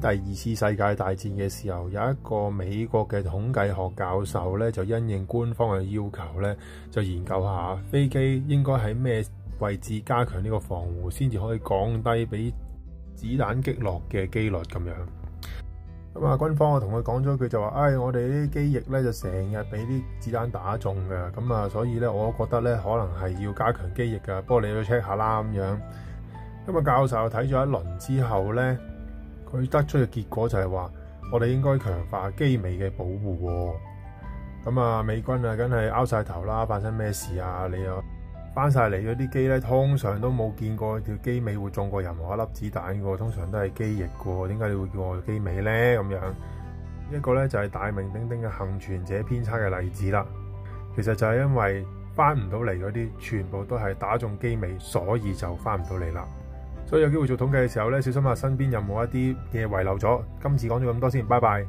第二次世界大戰嘅時候，有一個美國嘅統計學教授咧，就因應官方嘅要求咧，就研究下飛機應該喺咩位置加強呢個防護，先至可以降低俾子彈擊落嘅機率咁樣。咁、嗯、啊，軍方啊同佢講咗句，佢就話：唉，我哋啲機翼咧就成日俾啲子彈打中嘅，咁、嗯、啊，所以咧，我覺得咧，可能係要加強機翼噶，不過你都 check 下啦咁樣。咁、嗯、啊，教授睇咗一輪之後咧。佢得出嘅結果就係話，我哋應該強化機尾嘅保護喎。咁啊，美軍啊，梗係拗晒頭啦！發生咩事啊？你又翻晒嚟嗰啲機咧，通常都冇見過條機尾會中過任何一粒子彈嘅，通常都係機翼嘅。點解你會叫我機尾咧？咁樣一個咧就係、係、大名鼎鼎嘅幸存者偏差嘅例子啦。其實就係因為翻唔到嚟嗰啲，全部都係打中機尾，所以就翻唔到嚟啦。所以有機會做統計嘅時候呢，小心下身邊有無一啲嘢遺留咗。今次講咗咁多先，拜拜。